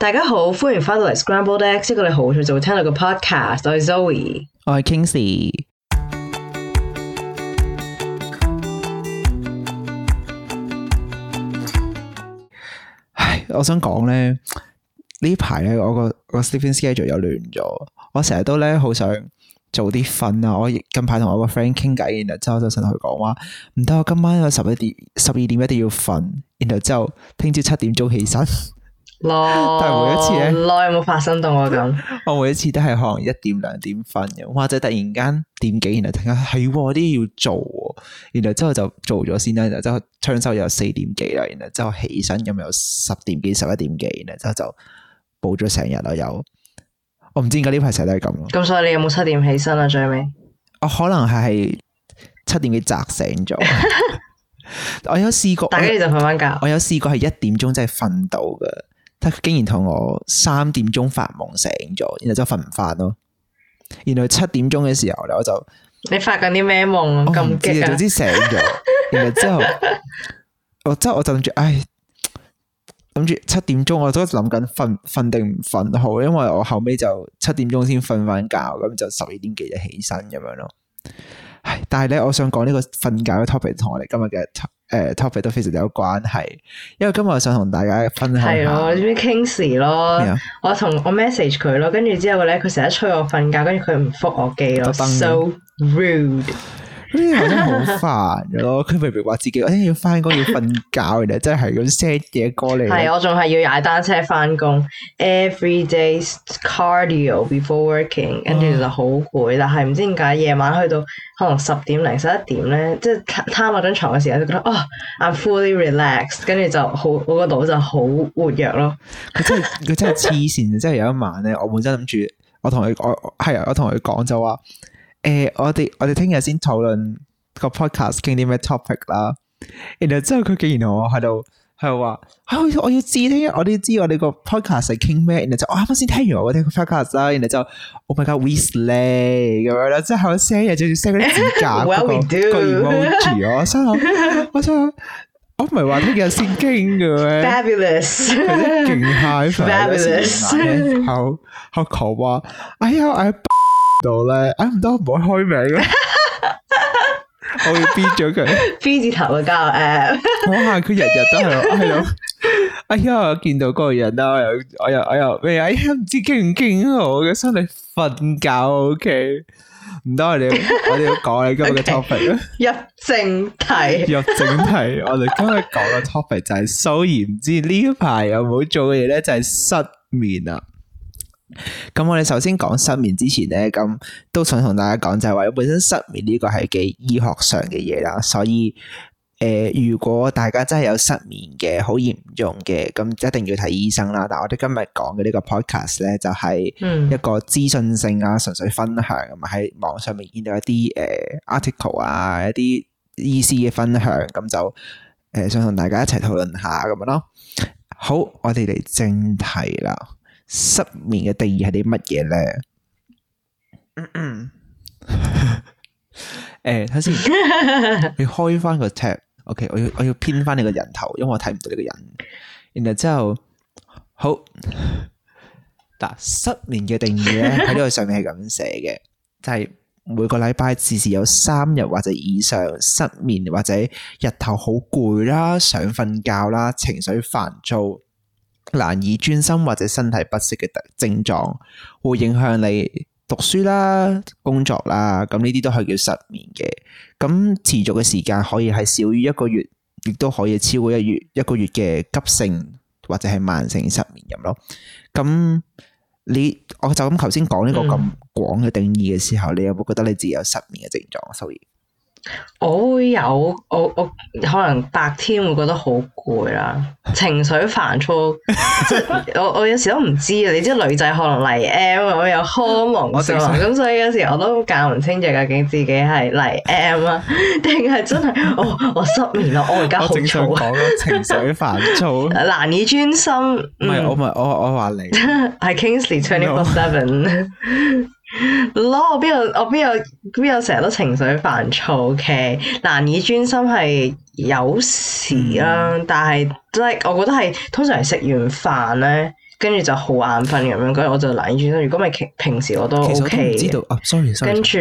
大家好，歡迎翻到嚟 Scrambled Eggs，你好似就會聽到個 podcast。我係 Zoe，我係 Kingsley 唉，我想講咧呢排咧，我個個 sleeping schedule 又亂咗。我成日都咧好想早啲瞓啊！我近排同我個 friend 傾偈，然後之後就想同佢講話唔得，我今晚我十一點十二點一定要瞓，然後之後聽朝七點鐘起身。 耐，但係每一次咧，耐有冇發生到我咁？ 我每一次都係可能一點兩點瞓嘅，或者突然間點幾，然後突然間係啲要做，然後之後就做咗先啦，然後之後唱首又四點幾啦，然後之後起身咁又十點幾十一點幾，然之後就補咗成日啊，我有我唔知點解呢排成日都係咁。咁所以你有冇七點起身啊？最尾我可能係係七點幾扎醒咗， 我有試過，打機就瞓翻覺。我有試過係一點鐘真係瞓到噶。佢竟然同我三點鐘發夢醒咗，然後就瞓唔翻咯。然後七點鐘嘅時候咧，我就你發緊啲咩夢？我唔知，總之醒咗。 然後之後，我之後我就諗住，唉，諗住七點鐘，我都諗緊瞓瞓定唔瞓好，因為我後尾就七點鐘先瞓翻覺，咁就十二點幾就起身咁樣咯。唉，但係咧，我想講呢個瞓覺嘅 topic 同我哋今日嘅。誒、啊、topic 都非常有關係，因為今日我想同大家分享下、啊。係咯，點知 Kingsley, 嗎 咯，我同我 message 佢咯，跟住之後咧，佢成日催我瞓覺，跟住佢唔覆我機咯，咯咚，so rude。呢啲真係好煩咯，佢明明話自己，我要翻工要瞓覺嘅，真係咁 set 嘢過嚟。係我仲係要踩單車翻工，everyday cardio before working，跟住就好攰。但係唔知點解夜晚去到可能十點零十一點咧，即係攤喺張床嘅時候就覺得，哦，oh，I'm fully relaxed，跟住就好，我個腦就好活躍咯。佢 真係佢真係黐線，真係有一晚咧，我本身諗住，我同佢，我係啊，我同佢講就話。誒，我哋我哋聽日先討論個 podcast 傾啲咩 topic 啦。然後之後佢竟然我喺度，係話，啊我要知，聽日我哋知我哋個 podcast 係傾咩。然後就我啱先聽完我聽個 podcast 啦。然後就 Oh my God，we slay 咁樣啦。之後我成日仲要聲嗰啲假嗰個，居然冇住我。我真我我唔係話聽日先傾嘅。Fabulous，佢真勁下，Fabulous，好好講話。哎呀，我。到咧啊唔得唔會開名啊我要編咗佢，編字頭嘅教誒，我吓佢日日都係我係咯，哎呀見到嗰個人啦，我又我又我又哎呀唔知驚唔驚我嘅心理瞓覺 OK，唔得我哋我哋要講呢今日嘅 topic 啦，入正題入正題，我哋今日講嘅 topic 就係所以唔知呢排有冇做嘅嘢咧，就係失眠啊。咁我哋首先講失眠之前咧，咁都想同大家講就係話，本身失眠呢個係幾醫學上嘅嘢啦，所以誒、呃，如果大家真係有失眠嘅好嚴重嘅，咁一定要睇醫生啦。但係我哋今日講嘅呢個 podcast 咧，就係、是、一個資訊性啊，純粹分享，咁喺網上面見到一啲誒、呃、article 啊，一啲醫師嘅分享，咁就誒、呃、想同大家一齊討論下咁樣咯。好，我哋嚟正題啦。失眠嘅定義係啲乜嘢咧？嗯嗯，誒、 欸，睇先，你開翻個 tab，OK，我要 okay，我要偏翻你個人頭，因為我睇唔到你個人。然後之後好，嗱，失眠嘅定義咧喺呢個上面係咁寫嘅， 就係每個禮拜至少有三日或者以上失眠，或者日頭好攰啦，想瞓覺啦，情緒煩躁。難以專心或者身體不適嘅症狀，會影響你讀書啦、工作啦，咁呢啲都係叫失眠嘅。咁持續嘅時間可以係少於一個月，亦都可以超過一個月。一個月嘅急性或者係慢性失眠咁咯。咁你我就咁頭先講呢個咁廣嘅定義嘅時候，嗯、你有冇覺得你自己有失眠嘅症狀啊？Sorry？我會有我我可能白天會覺得好攰啦，情緒煩躁， 即係我我有時都唔知啊。你知女仔可能嚟 M，我有荷爾蒙啊咁所以有時我都搞唔清楚究竟自己係嚟 M 啊， 定係真係哦我失眠啦，我而家好嘈，情緒煩躁， 難以專心。唔、嗯、係我咪我我話你係 twenty four seven。 攞我邊有我邊有邊有成日都情緒煩躁嘅，難以專心係有時啦、啊，但係即係我覺得係通常係食完飯咧。跟住就好眼瞓咁樣，跟住我就難住。如果咪平時我都 O K。其實知道，啊，sorry，sorry。跟住，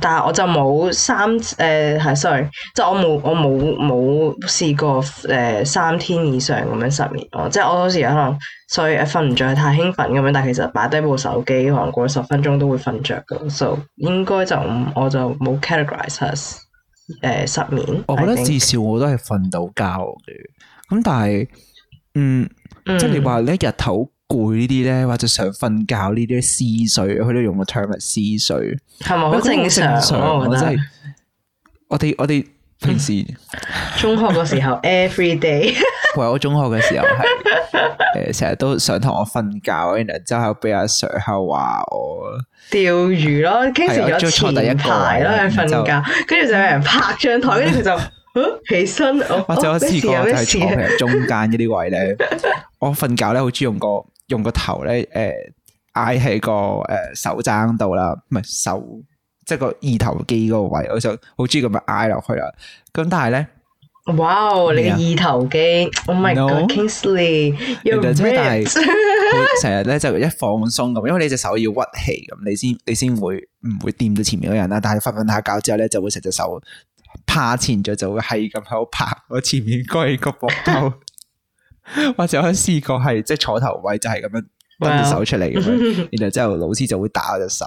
但係我就冇三誒係 sorry，即、呃、係我冇我冇冇試過誒、呃、三天以上咁樣失眠。即我即係我有時可能所以瞓唔着太興奮咁樣，但係其實擺低部手機，可能過十分鐘都會瞓着。嘅。So 應該就唔我就冇 categorise、呃、誒失眠。我覺得至少我都係瞓到覺嘅。咁但係嗯，即係你話你日頭，攰呢啲咧，或者想瞓覺呢啲思睡，佢都用個 term 係思睡，係咪好正常？即係我哋我哋平時中學嗰時候，every day，我中學嘅時候係誒成日都上堂我瞓覺，然之後俾阿 Sir 後話我釣魚咯，跟住坐咗第一排咯去瞓覺，跟住就有人拍張台，跟住佢就起身。我我只有一次係坐喺中間嗰啲位咧，我瞓覺咧好中意用個。用個頭咧，誒，挨喺個誒手踭度啦，唔係手，即係個二頭肌嗰個位，我就好中意咁樣挨落去啦。咁但係咧，哇你嘅二頭肌我唔、啊 Oh my God，Kingsley，No? 你成日咧就一放鬆咁，因為你隻手要屈起咁，你先你先會唔會掂到前面嗰人啦？但係瞓瞓下覺之後咧，就會成隻手趴前咗，就會係咁喺度拍我前面嗰個膊頭。 或者我試過係即係坐頭位就係咁樣掹隻手出嚟，Wow. 然後之後老師就會打我隻手，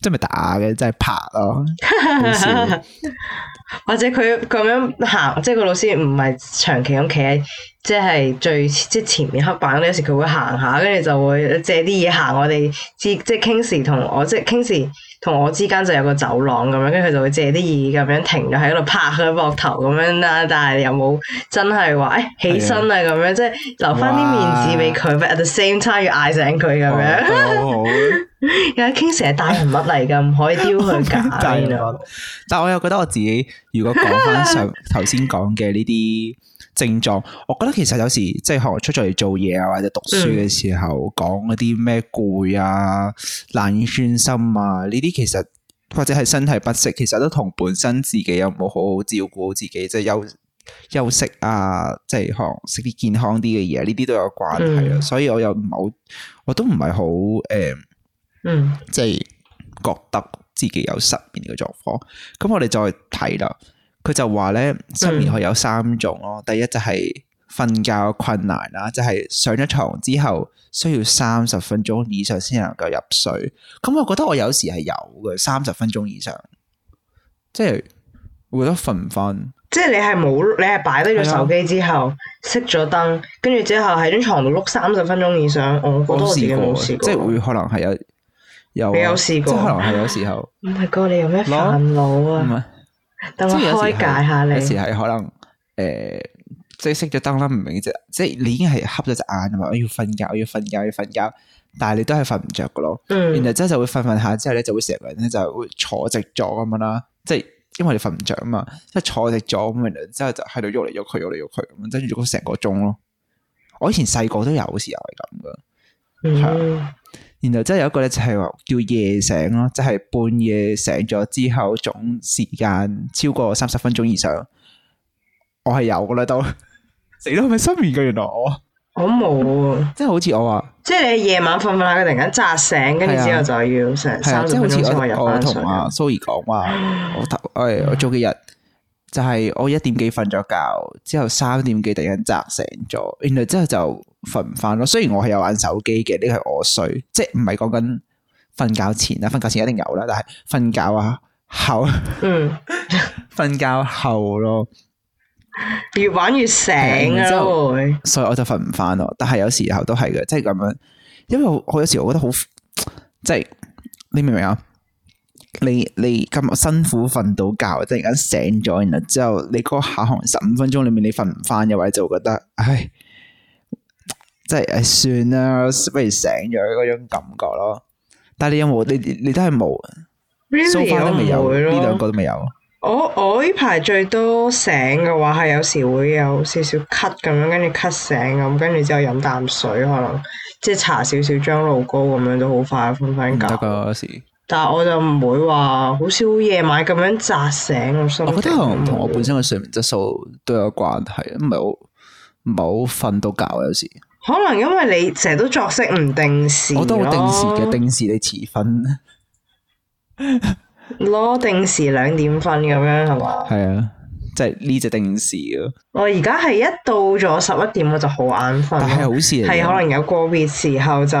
即係咪打嘅，即係拍咯、啊。 或者佢咁樣行，即係個老師唔係長期咁企喺，即係最即係前面黑板。有時佢會行下，跟住就會借啲嘢行我哋，即係 Kingsley 同我，即係 Kingsley 同我之間就有個走廊咁樣，跟住佢就會借啲嘢咁樣停咗喺度拍佢膊頭咁樣啦。但係又冇真係話誒起身啊咁是的 樣，即係留翻啲面子俾佢。但係哇 at the same time 要嗌醒佢咁樣。有啲傾成日大人物嚟噶，唔 可以丟佢揀。但係我，又覺得我自己，如果講翻上頭先講嘅呢啲症狀，我覺得其實有時即係學出咗嚟做嘢啊，或者讀書嘅時候講嗰啲咩攰啊、難以專心啊呢啲，其實或者係身體不適，其實都同本身自己有冇好好照顧好自己，即係休休息啊，即係學食啲健康啲嘅嘢，呢啲都有關係啊。嗯、所以我又唔係好，我都唔係好誒。嗯嗯，即係覺得自己有失眠嘅狀況，咁我哋再睇啦。佢就話咧，失眠可以有三種咯。嗯、第一就係瞓覺困難啦，就係、是、上咗床之後需要三十分鐘以上先能夠入睡。咁我覺得我有時係有嘅，三十分鐘以上，即係我覺得瞓唔瞓，即係你係冇，你係擺低咗手機之後熄咗燈，跟住之後喺張床度碌三十分鐘以上，我覺得我自己冇試過，即係會可能係有。有，有試過即係可能係有時候。唔係過，你有咩煩惱啊？等我 是開解下你。有時係可能，誒、呃，即係熄咗燈啦，唔明嘅即係你已經係瞌咗隻眼啊嘛，我要瞓覺，我要瞓覺，我要瞓覺,覺。但係你都係瞓唔着噶咯。然後之後就會瞓瞓下之後咧，就會成個人咧就會坐直咗咁樣啦。即係因為你瞓唔着啊嘛，即係坐直咗咁樣之後就喺度喐嚟喐去，喐嚟喐去咁樣，跟住咗成個鐘咯。我以前細個都有嘅時候係咁噶。然後即係有一個咧就係話叫夜醒咯，即係半夜醒咗之後總時間超過三十分鐘以上，我係有個啦都死啦，係咪失眠噶？原來我我冇，即係好似我話，即係你夜晚瞓瞓下佢突然間扎醒，跟住之後就要成三。即係好似我我同阿蘇怡講話，我頭誒我早幾日就係我一點幾瞓咗覺之後三點幾突然間扎醒咗，然後之後就。我跟 瞓唔翻咯，雖然我係有玩手機嘅，呢個係我睡，即係唔係講緊瞓覺前啦，瞓覺前一定有啦，但係瞓覺後，瞓、嗯、 瞓覺後咯，越玩越醒咯會，所以我就瞓唔翻咯。 但係有時候都係嘅，即係咁樣，因為我有時我覺得好，即係你明唔明啊？你你今日辛苦瞓到覺，突然間醒咗，然之後你個下行十五分鐘裏面你瞓唔翻嘅話，就會覺得唉。即係誒，算啦，不如醒咗嗰種感覺咯。但係你有冇？你你都係冇，so far 都未有，呢兩個都未有。我我呢排最多醒嘅話係有時會有少少咳咁樣，跟住咳醒咁，跟住之後飲啖水，可能即係搽少少樟腦膏咁樣，都好快瞓翻覺。得噶有時，但係我就唔會話好少夜晚咁樣扎醒我。我覺得同我本身嘅睡眠質素都有關係，唔係我唔係好瞓到覺有時。可能因為你成日都作息唔定時，我都好定時嘅，定時你遲瞓咯， 攞定時兩點瞓咁樣係嘛？係 吧啊。即係呢只定時啊。我而家係一到咗十一點，我就好眼瞓。但係好似可能有個別時候就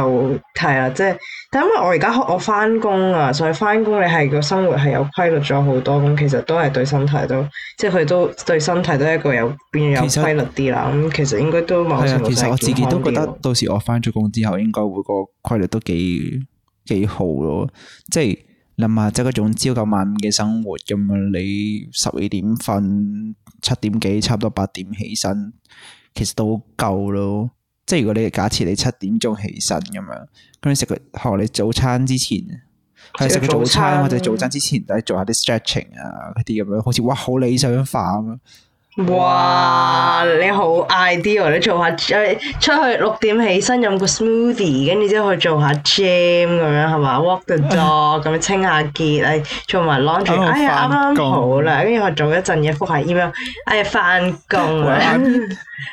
係啊，即係。但因為我而家我翻工啊，所以翻工你係個生活係有規律咗好多。咁其實都係對身體都，即係佢都對身體都係一個有變有規律啲啦。咁其，實其實應該都冇。其實我自己都覺得，到時我翻咗工之後，應該會個規律都幾幾好咯。即係。諗下，即係嗰種朝九晚五嘅生活咁啊，你十二點瞓，七點幾，差唔多八點起身，其實都夠咯。即係如果你假設你七點鐘起身咁樣，咁你食個學你早餐之前，係食個早餐，個個早餐或者早餐之前，再做下啲 stretching 啊，嗰啲咁樣，好似哇好理想化咁樣！哇你好 ideal，你做下出去六點起身飲個 smoothie，跟住之後去做下 gym 咁樣係嘛，walk the dog 咁清下潔，你做埋 laundry，oh，哎呀啱啱好啦，跟住我做一陣嘢，覆下、哎、email 哎呀翻工，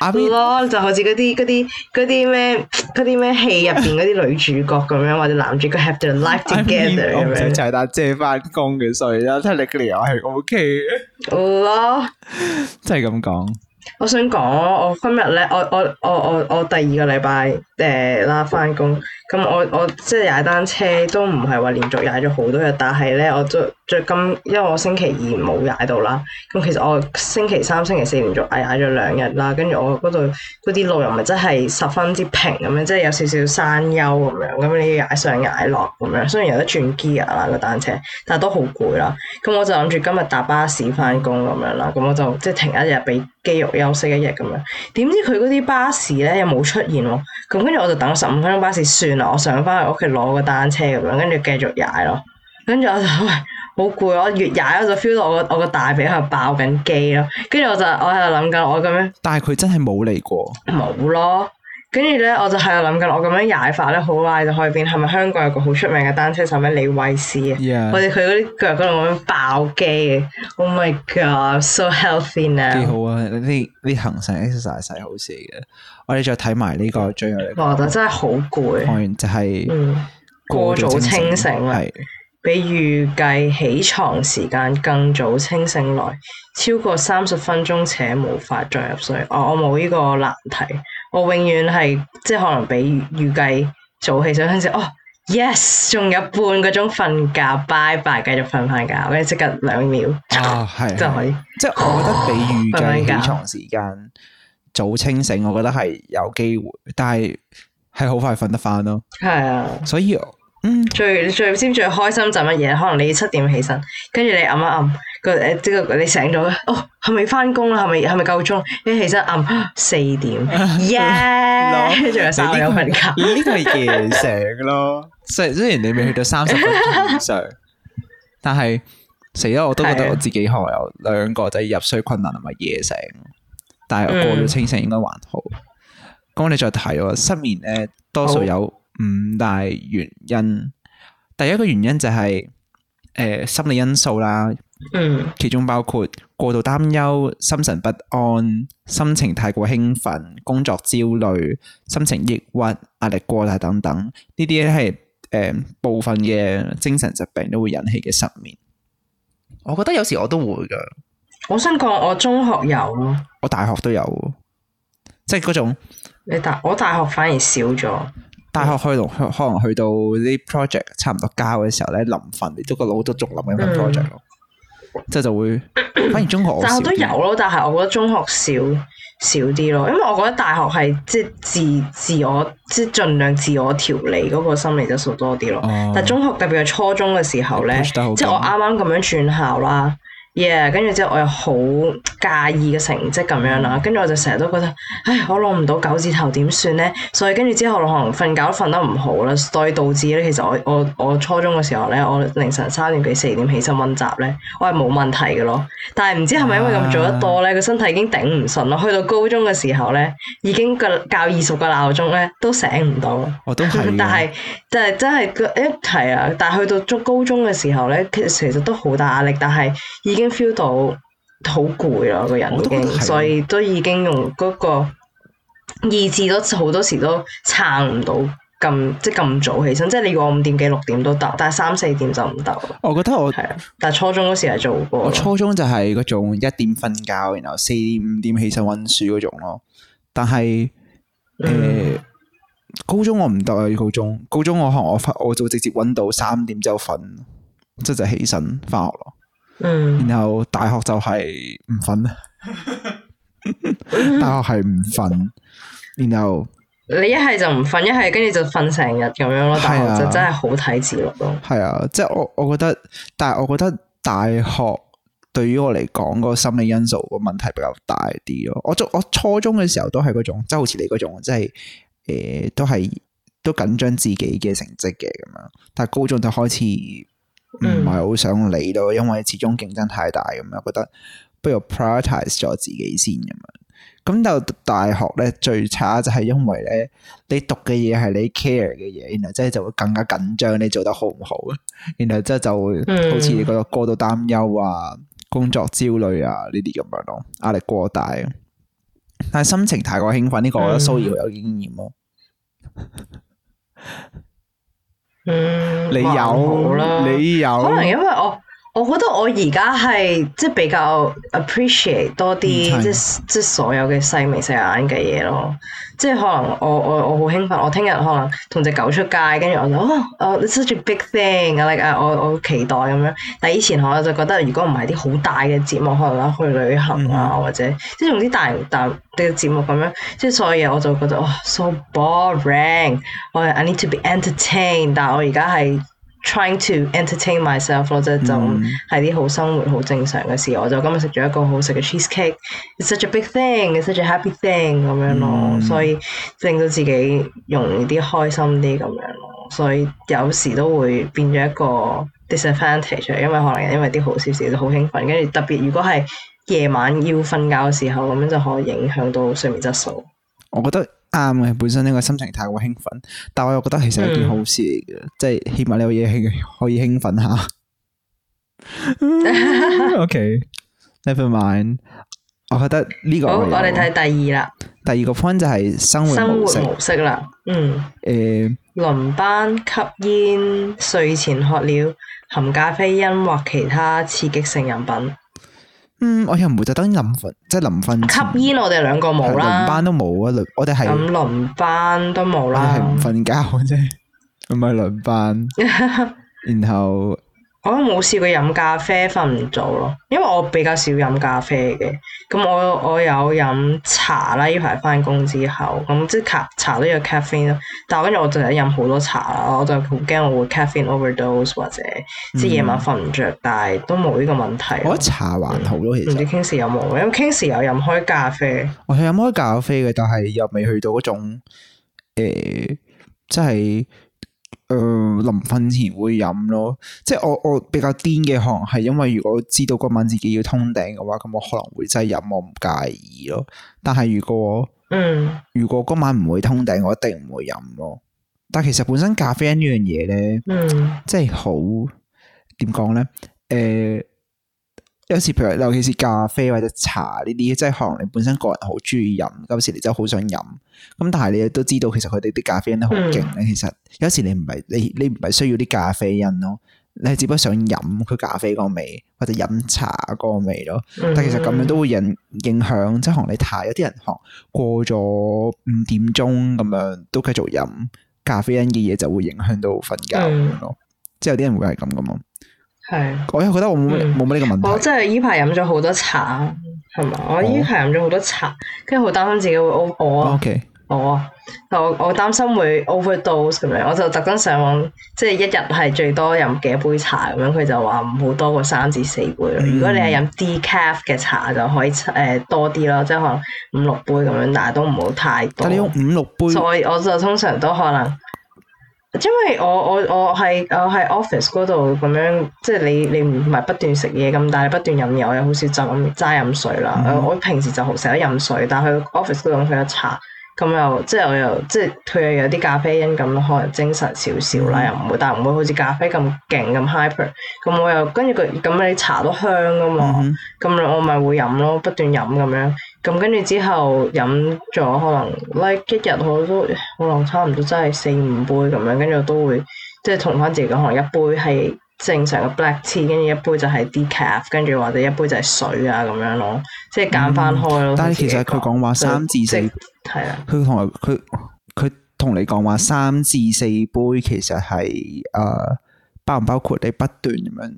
係咯就好似嗰啲嗰啲嗰啲咩嗰啲咩戲入邊嗰啲女主角咁樣，I mean, 或者男主角 have their life together 咁樣 I mean, 嗎，就係得借翻工嘅，所以咧你個理由係 O K 嘅，咯， 真係咁講。我想講，我今日咧，我我我我我第二個禮拜誒啦翻工，咁、呃、我我即係踩單車都唔係話連續踩咗好多日，但係咧我都。最近，因為我星期二冇踩到啦，咁其實我星期三、星期四連續踩踩咗兩日啦，跟住我嗰度嗰啲路又咪真係十分之平咁樣，即係有少少山丘咁樣，咁你踩上踩落咁樣，雖然有得轉機啊，個單車，但係都好攰啦。咁我就諗住今日搭巴士翻工咁樣啦，咁我就即係停一日俾肌肉休息一日咁樣。點知佢嗰啲巴士咧又冇出現喎，咁跟住我就等十五分鐘巴士算啦，我上翻去屋企攞個單車咁樣，跟住繼續踩咯。跟住我就喂好攰，我越踩我就 feel 到我個我個大髀喺度爆緊肌咯。跟住我就我喺度諗緊，我咁樣。但係佢真係冇嚟過。冇咯。跟住咧，我就喺度諗緊，我咁樣踩法咧，好快就可以變。係咪香港有個好出名嘅單車手咩？李慧詩啊，或者佢嗰啲腳嗰度咁樣爆肌嘅。Oh my god，so healthy 啊！幾好啊！呢呢行程 exercise 係好事嚟嘅。我哋再睇埋呢個最後。哇！真係好攰。睇完就係過早清醒。係。比預計起床時間更早清醒來，超過三十分鐘且無法再入睡。哦、我我冇呢個難題，我永遠係即係可能比預計早起咗，跟住哦 yes，仲有半個鐘瞓覺拜拜，e b y 繼續瞓翻覺，咩即刻兩秒哦，係即係我覺得比預計起床時間覺早清醒，我覺得係有機會，但係係好快瞓得翻咯，係啊的，所以。嗯、最最先最開心就乜嘢？可能你七點起身，跟住你按一按個誒，呢個你醒咗啦。哦，係咪返工啦？係咪係咪夠鐘？你起身按四點，耶！仲有三秒瞓覺。呢個係夜醒咯， 雖雖然你未去到三十個鐘以上， 但係死咗我都覺得我自己可能有兩個仔入睡困難同埋夜醒，是的 但係過咗清醒應該還好。咁、嗯、你再睇喎，失眠咧多數有。五大原因，第一個原因就係、是、誒、呃、心理因素啦，嗯，其中包括過度擔憂、心神不安、心情太過興奮、工作焦慮、心情抑鬱、壓力過大等等，呢啲咧係誒部分嘅精神疾病都會引起嘅失眠。我覺得有時我都會噶，我想講我中學有咯，我大學都有，即係嗰種。你大我大學反而少咗。大學可以可能去到啲 project 差唔多交嘅時候咧臨瞓，亦都覺得好多重諗嘅 project 咯，即係、嗯、就，就會反而中學， 大學都有咯，但係我覺得中學少少啲咯，因為我覺得大學係即係自自我即係盡量自我調理嗰個心理質素多啲咯，嗯、但係中學特別係初中嘅時候咧，迫迫即係我啱啱咁樣轉校啦。yeah，跟住之後我又好介意嘅成績咁樣啦、啊，跟住我就成日都覺得，唉，我攞唔到九字頭點算咧？所以跟住之後，我可能瞓覺都瞓得唔好啦，所以導致咧，其實我我我初中嘅時候咧，我凌晨三點幾四點起身温習咧，我係冇問題嘅咯。但係唔知係咪因為咁做得多咧，個、啊、身體已經頂唔順咯。去到高中嘅時候咧，已經個教二十個鬧鐘咧都醒唔到。我都係。但係、哎，但係真係一提啊！但係去到高中嘅時候咧，其實其實都好大壓力，但係已經。feel 到好攰啊！個人已經，所以都已經用嗰個意志都好多時都撐唔到，咁即係咁早起身。即係你話五點幾六點都得，但係三四點就唔得。我覺得我係啊，但係初中嗰時係做過。我初中就係嗰種一點瞓覺，然後四五點起身溫書嗰種咯。但係誒、嗯呃，高中我唔得啊！高中高中我可能我我就直接溫到三點之後瞓，即係就起身翻學咯。然後大學就係唔瞓啦，大學係唔瞓，然後你一係就唔瞓，一係跟住就瞓成日咁樣咯。大學就真係好睇字咯。係啊，即係、啊就是、我我覺得，但係我覺得大學對於我嚟講、個心理因素個問題比較大啲咯。我我初中嘅時候都係嗰種，即、就、係、是、好似你嗰種，即係誒都係都緊張自己嘅成績嘅咁樣。但係高中就開始。唔係好想理到，因為始終競爭太大咁樣，覺得不如 prioritize 咗自己先咁樣。咁就大學咧最差就係因為咧，你讀嘅嘢係你 care 嘅嘢，然後即係就會更加緊張你做得好唔好啊。然後之後就會、嗯、好似你個過度擔憂啊、工作焦慮啊呢啲咁樣咯，壓力過大。但係心情太過興奮呢、這個，我覺得 Zoe 有經驗咯、啊。嗯 嗯、你有，你有，我覺得我而家係即係比較 appreciate 多啲、嗯、即係即係所有嘅細眉細眼嘅嘢咯，即係可能我我我好興奮，我聽日可能同隻狗出街，跟住我就哦哦、oh, oh,，this is such a big thing，like 啊、uh, 我我好期待咁樣。但係以前我就覺得如果唔係啲好大嘅節目，可能去旅行啊、嗯、或者即係用啲大大嘅節目咁樣，即係所有嘢我就覺得哇、oh, so boring，我係 I need to be entertained，但係我而家係。trying to entertain myself 咯，即係就係啲好生活好正常嘅事。嗯、我就今日食咗一個好食嘅 cheesecake，it's such a big thing，it's such a happy thing 咁樣咯。嗯、所以令到自己容易啲開心啲咁樣咯。所以有時都會變咗一個 disadvantage，因為可能因為啲好少少就好興奮，跟住特別如果係夜晚要瞓覺嘅時候咁樣，就可以影響到睡眠質素。我覺得。啱嘅，本身呢個心情太過興奮，但我又覺得其實係件好事嚟嘅，即係、嗯、起碼你有嘢可以興奮下。 o、okay, K，Never mind，我覺得呢個好，我哋睇第二啦，第二個 point 就係生活模式啦。嗯，誒，輪班、吸煙、睡前喝了含咖啡因或其他刺激性飲品。嗯，我又唔會特登臨瞓，即係臨瞓。吸煙我哋兩個冇啦，輪班都冇啊！我哋係咁輪班都冇啦，係唔瞓覺啫，唔係輪班， 然後。我都冇試過飲咖啡瞓唔早咯，因為我比較少飲咖啡嘅。咁我我有飲茶啦，呢排翻工之後，咁即係茶茶都有咖啡咯。但係跟住我淨係飲好多茶，我就好驚我會 caffeine overdose 或者即係夜晚瞓唔着，嗯、但係都冇呢個問題。我覺得茶還好咯，其實、嗯。唔知 Kings 有冇？因為 Kings 有飲開咖啡。我係飲開咖啡嘅，但係又未去到嗰種即係。呃誒，臨瞓、呃、前會飲咯，即係我我比較癲嘅，可能係因為如果知道今晚自己要通頂嘅話，咁我可能會真係飲，我唔介意咯。但係如果我嗯，如果今晚唔會通頂，我一定唔會飲咯。但其實本身咖啡因呢樣嘢咧，嗯，即係好點講咧，誒。呃有時譬如，尤其是咖啡或者茶呢啲，即係可能你本身個人好中意飲，嗰時你真係好想飲。咁但係你都知道，其實佢哋啲咖啡因都好勁咧。嗯、其實有時你唔係你你唔係需要啲咖啡因咯，你係只不過想飲佢咖啡嗰味或者飲茶嗰味咯。嗯、但其實咁樣都會影影響，即係可能你太有啲人，可能過咗五點鐘咁樣都繼續飲咖啡因嘅嘢，就會影響到瞓覺咯。嗯、即係有啲人會係咁噶嘛。係，我又覺得我冇咩冇咩呢個問題。我真係依排飲咗好多茶，係嘛？哦、我依排飲咗好多茶，跟住好擔心自己會 over 我啊，Okay. 我啊，我我我擔心會 overdose 咁樣，我就特登上網，即、就、係、是、一日係最多飲幾杯茶咁樣，佢就話唔好多過三至四杯咯。如果你係飲 decaf 嘅茶，就可以誒多啲咯，嗯、即係可能五六杯咁樣，但係都唔好太多。你用五六杯，所以我就通常都可能。因為我我我係我喺 office 嗰度咁樣，即係你你唔係不斷食嘢咁，但係不斷飲嘢，我又好少就咁齋飲水啦、mm hmm. 呃。我平時就好成日飲水，但係去 office 嗰度飲佢一茶，咁又即係我又即係佢又有啲咖啡因咁可能精神少少啦，又唔會，mm hmm. 但係唔會好似咖啡咁勁咁 hyper。咁我又跟住佢，咁你茶都香噶嘛？咁、mm hmm. 我咪會飲咯，不斷飲咁樣。咁跟住之後飲咗可能 like 一日我都可能差唔多真係四五杯咁樣，跟住我都會即係同翻自己講可能一杯係正常嘅 black tea，跟住一杯就係 decaf，跟住或者一杯就係水啊咁樣咯，即係揀翻開咯。但係其實佢講話三至四，係啊，佢同佢佢同你講話三至四杯其實係誒包唔包括你不斷咁樣？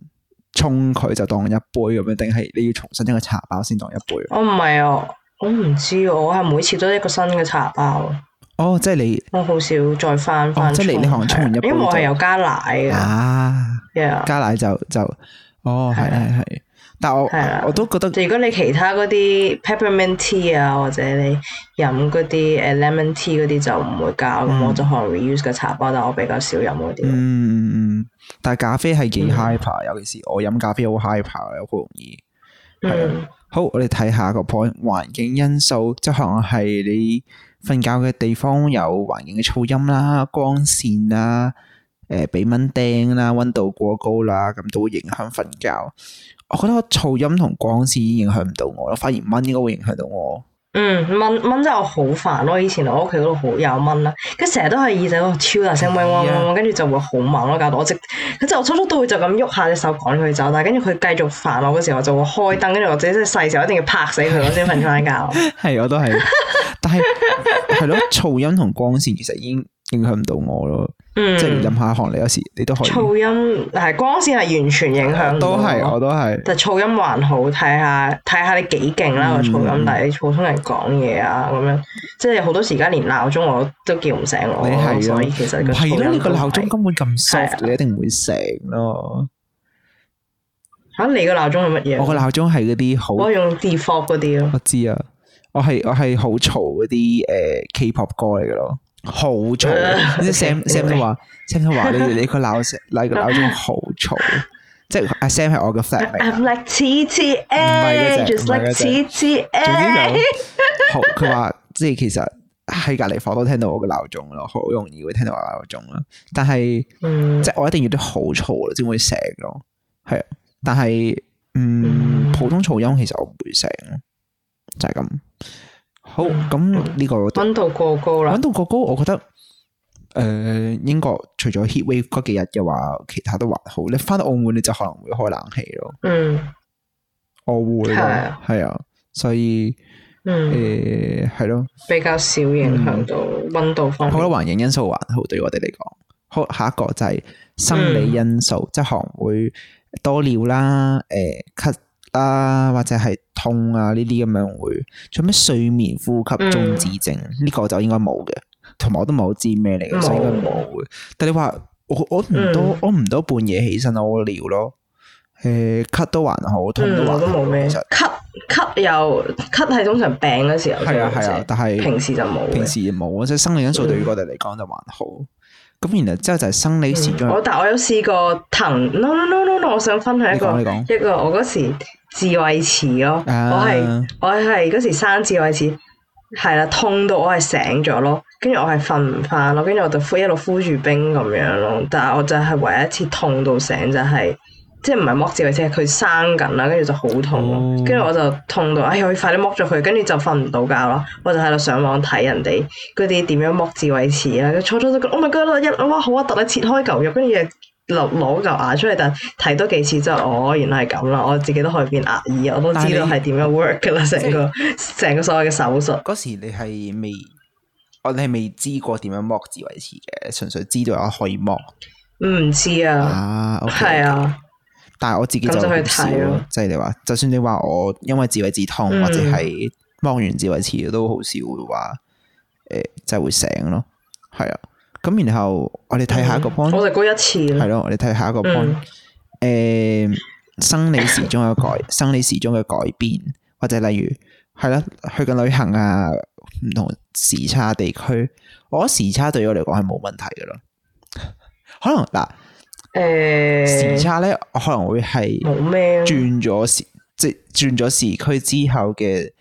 沖佢就當一杯咁樣，定係你要重新一個茶包先當一杯？我唔係啊，我唔知，我係每次都一個新嘅茶包。哦，即係你，我好少再翻翻，哦。即係你呢行沖完一杯就。因為我係有加奶噶。啊 Yeah. 加奶就就，哦係係係，但係我係啦，的我都覺得。如果你其他嗰啲 peppermint tea 啊，或者你飲嗰啲誒 lemon tea 嗰啲就唔會加，咁、嗯、我就可能 reuse 個茶包，但我比較少飲嗰啲。嗯嗯嗯。但咖啡係幾 hyper，、嗯、尤其是我飲咖啡好 hyper，好容易。嗯，好，我哋睇下個 point，環境因素即可能係你瞓覺嘅地方有環境嘅噪音啦、光線啦、誒、呃、俾蚊叮啦、溫度過高啦，咁都會影響瞓覺。我覺得我噪音同光線已經影響唔到我，反而蚊應該會影響到我。嗯，蚊蚊真係好煩咯以前我屋企嗰度好有蚊啦，跟住成日都係耳仔嗰度超大聲嗡嗡嗡嗡，跟住是、啊、就會好猛咯搞到我即係即我初初都會就咁喐下隻手趕佢走，但係跟住佢繼續煩我嘅時候就會開燈，跟住或者即係細時候一定要拍死佢咯先瞓翻覺。係， 我都係， 但係係咯噪音同光線其實已經。影響唔到我咯，嗯、即係飲下汗你有時你都可以。噪音但係光線係完全影響。都係，我都係。但係噪音還好，睇下睇下你幾勁啦個噪音。但係你普通人講嘢啊咁樣，即係好多時而家連鬧鐘我都叫唔醒我，啊、所以其實個鬧鐘係咯，你個鬧鐘根本咁 soft、啊、你一定唔會醒咯、啊。吓、啊、你個鬧鐘係乜嘢？我個鬧鐘係嗰啲好，我用 default 嗰啲咯。我知啊，我係我係好嘈嗰啲誒 K-pop 歌嚟嘅咯。好嘈，即 Sam，Sam 都話，Sam 都話，你你佢鬧聲鬧鬧鐘好嘈， 即係阿 Sam 係我嘅 flatmate 唔係嗰隻，唔係嗰隻，總之就，佢話即係其實喺隔籬房都聽到我嘅鬧鐘咯，好容易會聽到我鬧鐘啦，但係、mm. 即係我一定要啲好嘈啦，先會醒咯，係啊，但係嗯，mm. 普通噪音其實我唔會醒就係、是、咁。好，咁呢、這個溫、嗯、度過高啦。溫度過高，我覺得，誒、呃，英國除咗 heat wave 嗰幾日嘅話，其他都還好，你翻到澳門你就可能會開冷氣咯。嗯，我會係啊，啊，所以，誒、嗯，係、呃、咯，比較少影響到温度方面。好多環境因素還好，對我哋嚟講，好，下一個就係生理因素，嗯、即係可能會多尿啦，誒、呃，咳。啊，或者係痛啊，呢啲咁樣會，做咩睡眠呼吸中止症？呢個就應該冇嘅，同埋我都冇知咩嚟嘅，所以應該冇嘅。但你話我我唔多我唔多半夜起身屙尿咯，誒，咳都還好，痛都冇咩，咳咳又咳係通常病嘅時候，係啊係啊，但係平時就冇，平時冇，即係生理因素對於我哋嚟講就還好。咁然後之後就係生理時鐘。我但係我有試過疼，no no no no，我想分享一個一個我時。智慧齒咯，啊、我係我係嗰時生智慧齒，係啦、啊、痛到我係醒咗咯，跟住我係瞓唔翻咯，跟住我就一敷一路敷住冰咁樣咯，但係我就係唯一一次痛到醒就係、是，即係唔係剝智慧齒，佢生緊啦，跟住就好痛，跟住、嗯、我就痛到哎呀，我要快啲剝咗佢，跟住就瞓唔到覺咯，我就喺度上網睇人哋嗰啲點樣剝智慧齒啊，初初都我咪覺得一哇好核突啊切開牛肉，跟住。攞嚿牙出嚟，但睇多幾次之後，哦，原來係咁啦！我自己都可以變牙醫，我都知道係點樣 work 噶啦，成個成個所謂嘅手術。嗰時你係未，我你係未知過點樣剝智慧齒嘅，純粹知道我可以剝。唔知啊，係啊，但係我自己就去睇咯。即係你話，就算你話我因為智慧齒痛、嗯、或者係剝完智慧齒都好少話，誒、呃，即係會醒咯，係啊。咁然後我哋睇下一個 point，嗯、我哋過一次係咯，我哋睇下一個 point，誒、嗯、欸，生理時鐘嘅改，生理時鐘嘅改變，或者例如係啦，去緊旅行啊，唔同時差地區，我覺得時差對我嚟講係冇問題噶咯，可能嗱，誒，欸、時差咧可能會係冇咩轉咗時，啊、即係轉咗時區之後嘅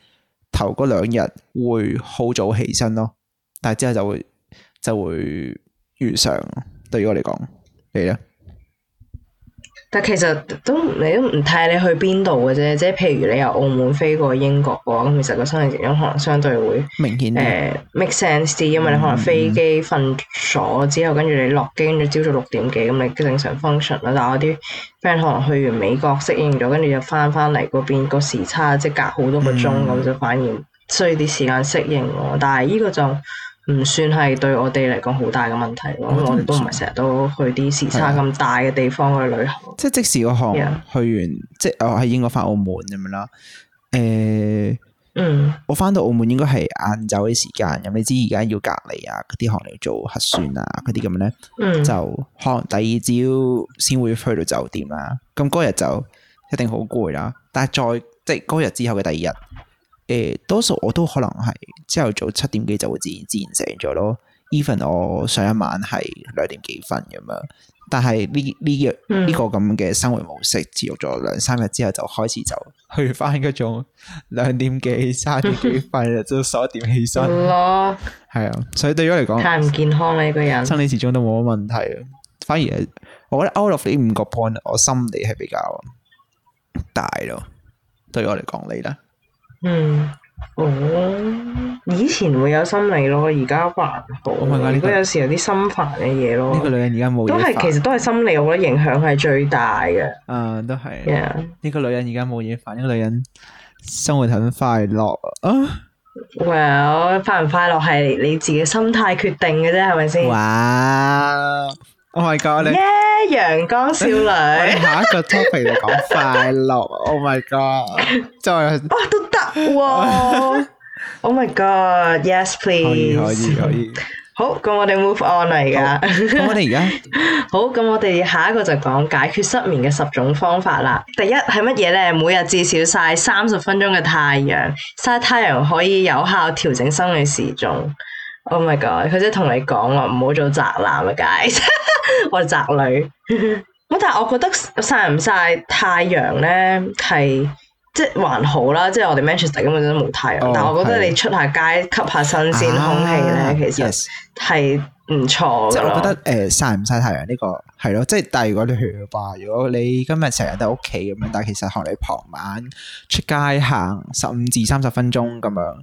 頭嗰兩日會好早起身咯，但係之後就會。就會如常。對於我嚟講，你咧？但其實都你都唔睇你去邊度嘅啫，即係譬如你由澳門飛過英國嘅話，咁其實個生理時鐘可能相對會明顯。誒、呃、make sense 啲，因為你可能飛機瞓咗之後，跟住、嗯、你落機咗，朝早六點幾咁，你正常 function 啦。但係我啲 friend 可能去完美國適應咗，跟住就翻翻嚟嗰邊個時差，即係隔好多個鐘咁，嗯、就反而需要啲時間適應喎。但係呢個就～唔算係對我哋嚟講好大嘅問題，因為我哋都唔係成日都去啲時差咁大嘅地方去旅行。的即係即使個行去完，Yeah. 即係我喺英國翻澳門咁樣啦。誒、欸，嗯，mm. 我翻到澳門應該係晏晝啲時間，咁你知而家要隔離啊？嗰啲行嚟做核酸啊？嗰啲咁樣咧，mm. 就可能第二朝先會去到酒店啦。咁、那、嗰、個、日就一定好攰啦，但係再即係嗰日之後嘅第二日。誒，uh, 多數我都可能係朝頭早七點幾就會自然自然醒咗咯。even 我上一晚係兩點幾瞓咁樣，但係呢呢呢個咁嘅生活模式，持續咗兩三日之後，就開始就去翻嗰種兩點幾、三點幾瞓， 就十一點起身咯。係啊， 所以對於我嚟講太唔健康啦，呢、這個人生理始終都冇乜問題，反而我覺得 out of t 五個 point，我心理係比較大咯。對於我嚟講你咧？嗯，哦，以前會有心理咯，而家還好。如果有時有啲心煩嘅嘢咯，呢個女人而家冇嘢，都係其實都係心理我覺得影響係最大嘅。誒，都係。呢個女人而家冇嘢煩，呢個女人生活很快樂啊。Well，快唔快樂係你自己心態決定嘅啫，係咪先？哇！Oh my god！Yeah！陽光少女，下一個 topic 就講快樂。Oh my god！就啊都。哇 ！Oh my God！Yes please！可以可以，可以。好，咁我哋 move on 嚟噶。我哋而家，好，咁我哋 下一個就講解決失眠嘅十種方法啦。第一係乜嘢咧？每日至少曬三十分鐘嘅太陽，曬太陽可以有效調整生理時鐘。Oh my God！佢即係同你講話唔好做宅男啊，介，或 宅女。咁 但係我覺得曬唔曬太陽咧係。即係還好啦，即係我哋 Manchester 根本都冇太陽，oh，但係我覺得你出下街 吸下新鮮空氣咧，啊、其實係唔錯即係 Yes. 我覺得誒、呃、曬唔曬太陽呢、呢個係咯，即係但係如果你去話如果你今日成日都喺屋企咁樣，但係其實學你傍晚出街行十五至三十分鐘咁樣。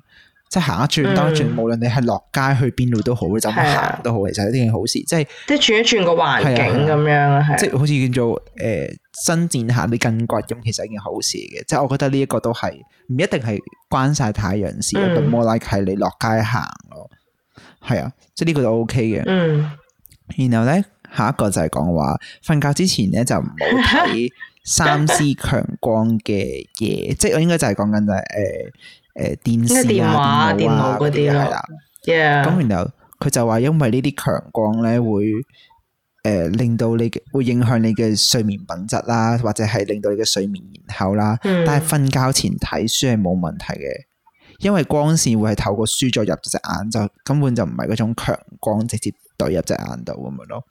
即行一轉，兜一轉，無論你係落街去邊度都好，就行、啊、都好，其實係一件好事。即係即轉一轉個環境咁、啊、樣，啊、即好似叫做誒伸展下啲筋骨咁，其實係一件好事嘅。即我覺得呢一個都係唔一定係關晒太陽事，都 more like 係你落街行咯。係啊，即呢個都 OK 嘅。嗯，然後咧下一個就係講話瞓覺之前咧就唔好睇三 C 強光嘅嘢， 即我應該就係講緊就係誒。呃呃誒、呃，電視啊，電話啊、電腦嗰啲咯，係啦、啊，咁然後佢就話因為呢啲強光咧會誒、呃、令到你會影響你嘅睡眠品質啦，或者係令到你嘅睡眠延後啦。Hmm. 但係瞓覺前睇書係冇問題嘅，因為光線會係透過書再入隻眼，就根本就唔係嗰種強光直接對入隻眼度咁樣咯。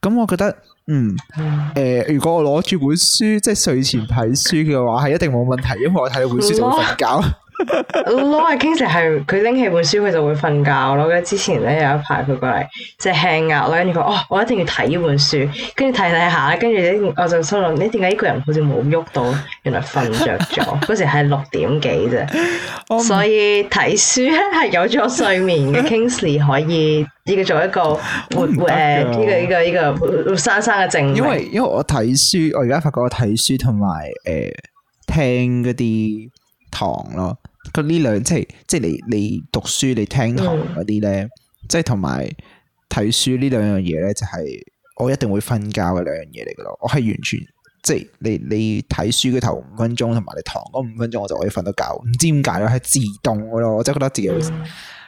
咁我覺得，嗯，誒、hmm. 呃，如果我攞住本書即係睡前睇書嘅話，係一定冇問題，因為我睇到本書就會瞓覺。 攞阿 Kingsley 係佢拎起本書，佢就會瞓覺咯。跟住之前咧有一排佢過嚟，即係 hea 啦，跟住佢哦，我一定要睇依本書，跟住睇睇下，跟住咧我就心諗，你點解呢個人好似冇喐到？原來瞓着咗。嗰 時係六點幾啫，我不 所以睇書咧係有咗睡眠嘅 Kingsley 可以呢個做一個活活、誒呢個呢個呢個生生嘅證明。因為因為我睇書，我而家發覺我睇書同埋誒聽嗰啲堂咯。佢呢兩即係即係你你讀書你聽堂嗰啲咧，即係同埋睇書呢兩樣嘢咧，就係我一定會瞓覺嘅兩樣嘢嚟噶咯。我係完全即係你你睇書嘅頭五分鐘同埋你堂嗰五分鐘，我就可以瞓得覺。唔知點解咯，係自動噶咯，我真係覺得自己會。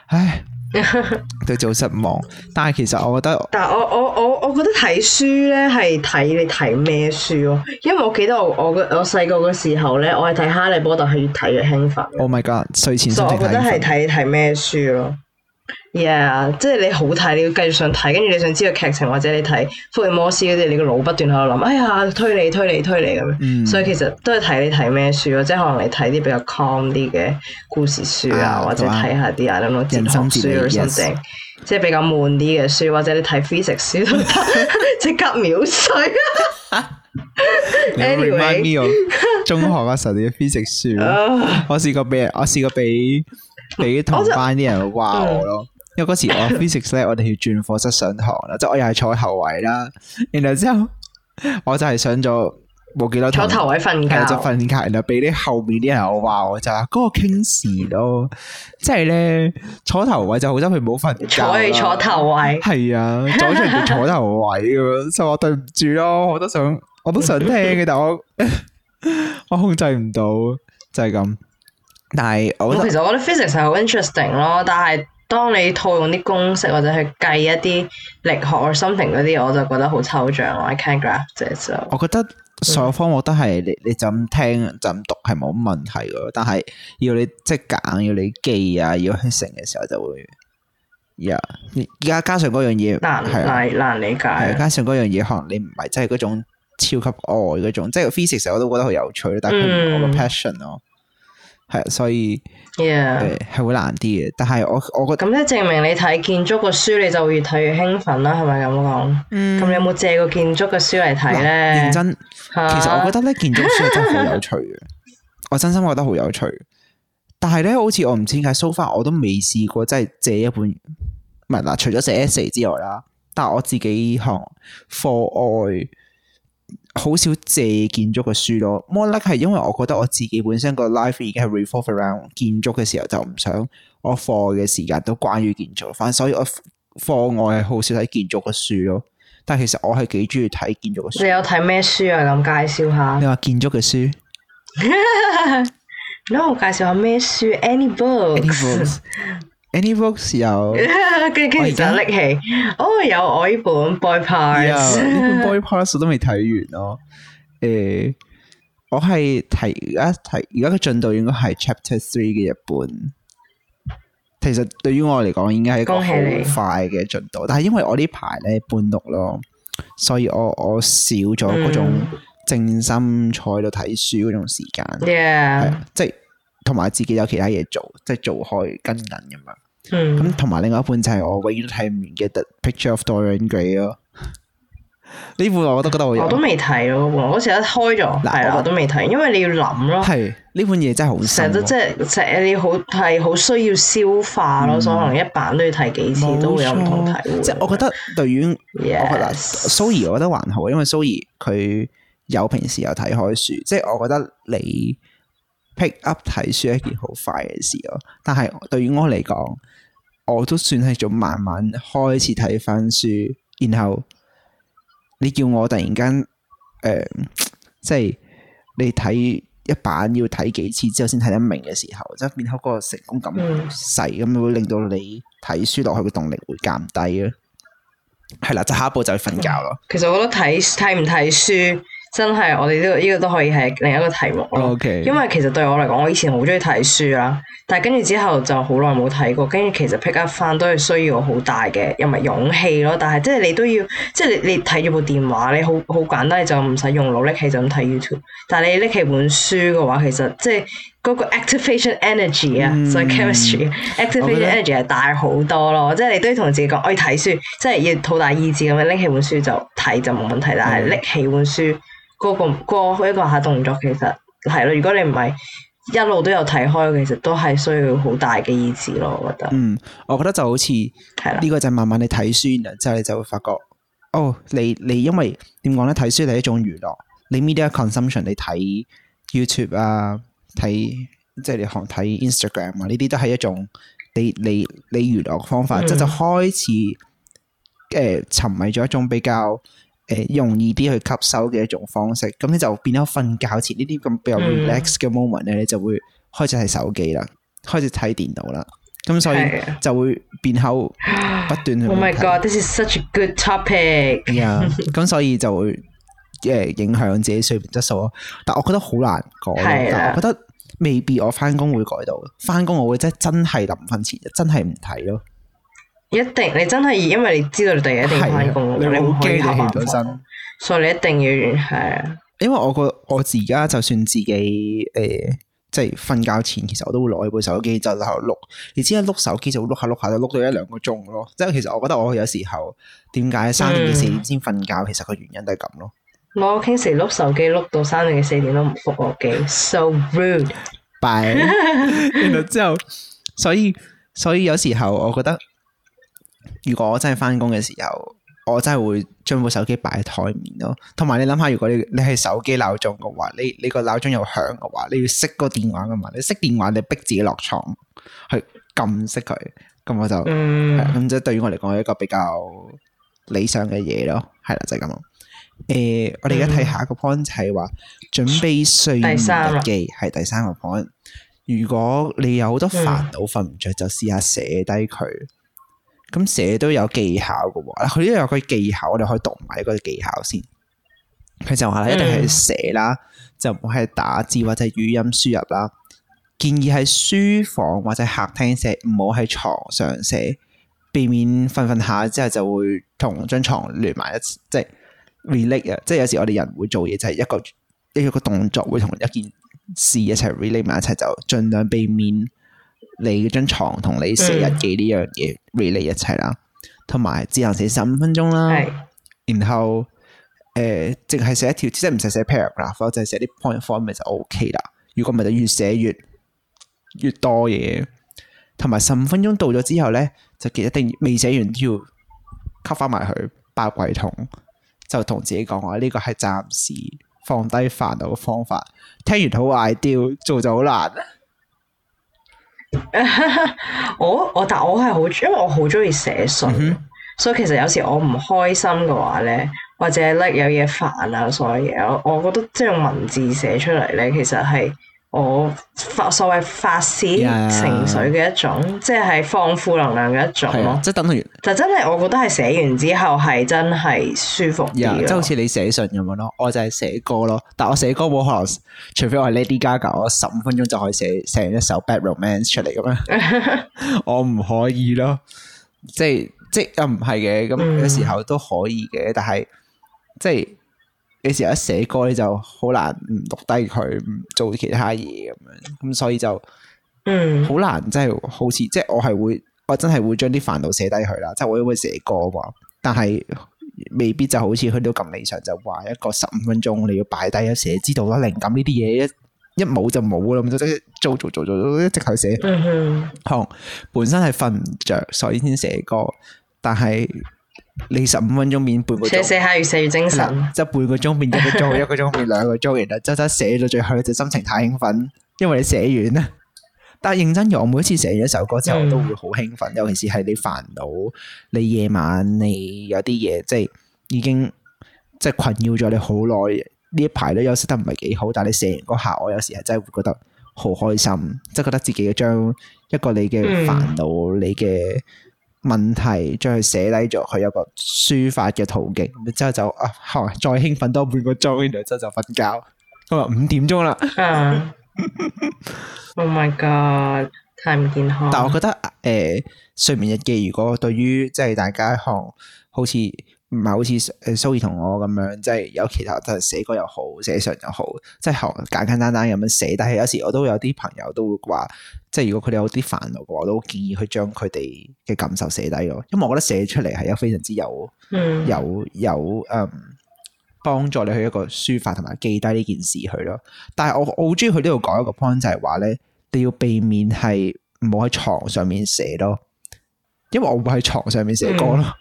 唉。對，好失望，但係其實我覺得但我，但係我我我我覺得睇書咧係睇你睇咩書咯，因為我記得我我我細個嘅時候咧，我係睇哈利波特係越睇越興奮。Oh my god！睡前，我覺得係睇睇咩書咯。 yeah，即係你好睇，你要繼續想睇，跟住你想知個劇情，或者你睇福爾摩斯嗰啲，你個腦不斷喺度諗，哎呀，推理推理推理咁樣，所以其實都係睇你睇咩書咯，即係可能你睇啲比較 calm 啲嘅故事書啊，或者睇下啲啊，諗諗哲學書啊，真正即係比較悶啲嘅書，或者你睇 physics 書都得，即刻秒水。 Anyway，中學阿 Sir 嘅 physics 書，我試過俾我試過俾。俾同班啲人話我咯，我嗯、因為嗰時我 physics 咧， 我哋要轉課室上堂啦，即、就、係、是、我又係坐喺後位啦。然後之後，我就係上咗冇幾多堂坐頭位瞓覺，就瞓覺，然後俾啲後面啲人我話我、那個、就話嗰個傾時咯，即係咧坐頭位就好心佢唔好瞓覺，坐去坐頭位係啊，阻住人哋坐頭位 所以我對唔住咯，我都想我都想聽嘅，但係我 我控制唔到，就係、是、咁。但係我其實我覺得 physics 係好 interesting 咯，但係當你套用啲公式或者去計一啲力學或 something 嗰啲，我就覺得好抽象，我 can't grasp it，我覺得所有科目都係你你就咁聽就咁讀係冇問題噶，但係要你即係講要你記啊要去成嘅時候就會，而、yeah. 家加上嗰樣嘢難、啊、難難理解係、啊、加上嗰樣嘢可能你唔係真係嗰種超級愛嗰、哦、種，即、就、係、是、physics 我都覺得好有趣，但係唔係我嘅 passion 咯、嗯。係，所以，係會 Yeah.、呃、難啲嘅。但係我，我覺得咁即係證明你睇建築個書，你就會越睇越興奮啦。係咪咁講？咁、嗯、你有冇借過建築嘅書嚟睇咧？認真，其實我覺得咧建築書真係好有趣嘅。 我真心覺得好有趣。但係咧，好似我唔知點解，so far 我都未試過即係借一本，唔係嗱，除咗寫 S A 之外啦。但係我自己學課外。好少借建築嘅書咯，more like 係因為我覺得我自己本身個 life 已經係 revolve around 建築嘅時候，就唔想我課嘅時間都關於建築，反正所以我課外係好少睇建築嘅書咯。但係其實我係幾中意睇建築嘅書。你有睇咩書啊？咁介紹下。你話建築嘅書 ？no 介紹下咩書？Any books？Any books? Any books 有， 跟 我而家拎起，哦、 oh, 有我呢本 Boy Parts，呢 Yeah, 本 Boy Parts 都未睇完咯、哦。誒、哎，我係睇而家睇而家嘅進度應該係 Chapter Three 嘅一半。其實對於我嚟講，應該係一個好快嘅進度。但係因為我呢排咧搬屋咯，所以我我少咗嗰種靜心坐喺度睇書嗰種時間，係、嗯 yeah. 啊、即係同埋自己有其他嘢做，即係做開跟緊咁樣。咁同埋另外一本就係我永遠都睇唔完嘅《The Picture of Dorian Gray》咯。呢本我都覺得我我都我好喇，我都未睇咯。嗰時一開咗，係啊，我都未睇，因為你要諗咯。係呢本嘢真係好成日都即係成日你好係好需要消化咯，嗯、所以可能一版都要睇幾次都會有唔同睇。錯即係我覺得對於，Yes. 我覺得蘇怡我覺得還好，因為蘇怡佢有平時有睇開書，即係我覺得你 pick up 睇書係一件好快嘅事咯。但係對於我嚟講，我都算係仲慢慢開始睇翻書，然後你叫我突然間誒，即、呃、係、就是、你睇一版要睇幾次之後先睇得明嘅時候，即係變咗個成功感細，咁、嗯、會令到你睇書落去嘅動力會減低咯。係啦，就下一步就去瞓覺咯。其實我覺得睇睇唔睇書。真係，我哋呢個呢個都可以係另一個題目咯。Okay. 因為其實對我嚟講，我以前好中意睇書啦，但係跟住之後就好耐冇睇過。跟住其實 pick up 翻都係需要好大嘅，又咪勇氣咯。但係即係你都要，即係你你睇住部電話，你好好簡單就唔使用腦拎起就咁睇 YouTube。但係你拎起本書嘅話，其實即係嗰個 activation energy 啊、嗯，所以 chemistry、嗯、activation energy 係大好多咯。即係你都要同自己講，我要睇書，即係要好大意志咁樣拎起本書就睇就冇問題。但係拎起本書。個個個一個下動作，其實係咯。如果你唔係一路都有睇開，其實都係需要好大嘅意志咯。我覺得，嗯，我覺得就好似係啦。呢是的 個就係慢慢你睇書，然之後你就會發覺，哦，你你因為點講咧？睇書係一種娛樂，你 Media consumption 你睇 YouTube 啊，睇即係你學睇 Instagram 啊，呢啲都係一種你你你娛樂嘅方法，即係、嗯、就，就開始誒、呃、沉迷咗一種比較，誒，容易啲去吸收嘅一種方式，咁你就變咗瞓覺前呢啲咁比較 relax 嘅 moment 咧，嗯、你就會開始睇手機啦，開始睇電腦啦，咁所以就會變口不斷去睇。Oh my god, this is such a good topic。呀，咁所以就會誒影響自己睡眠質素咯。但我覺得好難改咯。的但我覺得未必我翻工會改到，翻工我會即係真係臨瞓前真係唔睇咯。一定，你真係因為你知道你第日一定翻工，的你好驚你起唔到身，所以你一定要係啊。因為我個我自家就算自己誒、呃，即係瞓覺前，其實我都會攞起部手機就喺度碌。你知一碌手機就碌下碌下，就碌到一兩個鐘咯。即係其實我覺得我有時候點解三點幾四點先瞓覺？其實個原因都係咁咯。我平時碌手機碌到三點幾四點都唔覆我機 ，so rude, bye 然咗之後，所以所以有時候我覺得。如果我真係返工嘅時候，我真係會將部手機擺喺台面咯。同埋你諗下，如果你你係手機鬧鐘嘅話，你你個鬧鐘又響嘅話，你要熄個電話㗎嘛？你熄電話，你逼自己落床去撳熄佢。咁我就咁即係對於我嚟講係一個比較理想嘅嘢咯。係啦，就係、是、咁。誒、呃，我哋而家睇下一個 point 就係話、嗯、準備睡眠日記，係第三個 point。個如果你有好多煩惱瞓唔着，就試下寫低佢。咁寫都有技巧嘅喎，佢都有個技巧，我哋可以讀埋呢個技巧先。佢就話一定係寫啦，嗯、就唔好喺打字或者語音輸入啦。建議喺書房或者客廳寫，唔好喺床上寫，避免瞓瞓下之後就會同張床連埋一齊，即係 relate 啊！即係有時我哋人會做嘢就係一個一個動作會同一件事一齊 relate 埋一齊，就盡量避免。你嗰張牀同你寫日記呢樣嘢，relate 一齊啦，同埋只能寫十五分鐘啦，然後誒，淨、呃、係寫一條，即係唔使寫 paragraph，或者係寫啲 point form 咪就 OK 啦。如果唔係，就越寫越越多嘢。同埋十五分鐘到咗之後咧，就記得一定未寫完都要吸翻埋佢，包櫃桶，就同自己講話呢個係暫時放低煩惱嘅方法。聽完好 ideal，做就好難。 我我，但我係好，因為我好中意寫信，mm hmm. 所以其實有時我唔開心嘅話咧，或者叻有嘢煩啊，所有嘢，我我覺得即係用文字寫出嚟咧，其實係。我發、哦、所謂發泄情緒嘅一種，Yeah. 即係放負能量嘅一種咯。即係等於就真係，我覺得係寫完之後係真係舒服啲。即係好似你寫信咁樣咯，我就係寫歌咯。但我寫歌冇可能，除非我係 Lady Gaga，我十五分鐘就可以寫寫一首 Bad Romance 出嚟嘅咩？ 我唔可以咯。即係即係又唔係嘅，咁、啊、有時候都可以嘅，mm. 但係即係。有時候一寫歌，你就好難唔錄低佢，唔做其他嘢咁樣，咁所以就，嗯，好難，即係、mm hmm. 好似，即係我係會，我真係會將啲煩惱寫低佢啦，即係我都會寫歌嘛，但係未必就好似去到咁理想，就話一個十五分鐘你要擺低，一寫知道啦，靈感呢啲嘢一一冇就冇啦，咁就即係做做做做做一直喺度寫，呵、mm hmm.，本身係瞓唔着，所以先寫歌，但係。你十五分鐘變半個鐘，寫寫下越寫越精神。即係、就是、半個鐘變一個鐘， 一個鐘變兩個鐘，然後真真寫到最後就心情太興奮，因為你寫完啦。但係認真我每次寫完一首歌之後，都會好興奮。嗯、尤其是係你煩惱，你夜晚你有啲嘢，即、就、係、是、已經即係、就是、困擾咗你好耐。呢一排都休息得唔係幾好，但係你寫完嗰下，我有時係真係會覺得好開心，即、就、係、是、覺得自己將一個你嘅煩惱、嗯、你嘅，問題，將佢寫低咗，佢有個抒發嘅途徑。之後就啊，再興奮多半個鐘，然後之後就瞓覺。今日五點鐘啦。Oh my god，太唔健康。但我覺得誒，呃、睡眠日記，如果對於即係大家一好似。唔係好似 Zoe 同我咁樣，即係有其他就係寫歌又好，寫信又好，即係行簡簡單單咁樣寫。但係有時我都有啲朋友都會話，即係如果佢哋有啲煩惱嘅話，我都建議去將佢哋嘅感受寫低咯。因為我覺得寫出嚟係有非常之有有有誒、嗯、幫助你去一個抒發同埋記低呢件事去咯。但係我我好中意佢呢度講一個 point 就係話咧，你要避免係唔好喺床上面寫咯，因為我會喺床上面寫歌咯。嗯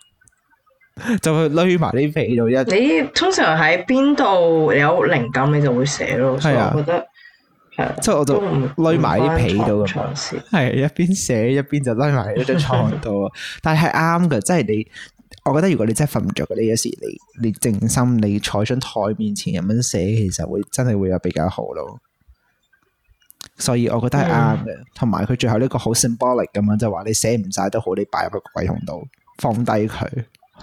就去匿埋啲被度，一你通常喺邊度有靈感，你就會寫咯。係啊，覺得係，即係我就匿埋啲被度。咁。 係一邊寫一邊就匿埋喺張床度。但係啱嘅，即係你，我覺得如果你真係瞓唔着嘅呢，有時你，你你靜心，你坐張台面前咁樣寫，其實會真係會有比較好咯。所以我覺得係啱嘅，同埋佢最後呢個好 symbolic 咁樣，就話你寫唔晒都好，你擺入個櫃桶度，放低佢。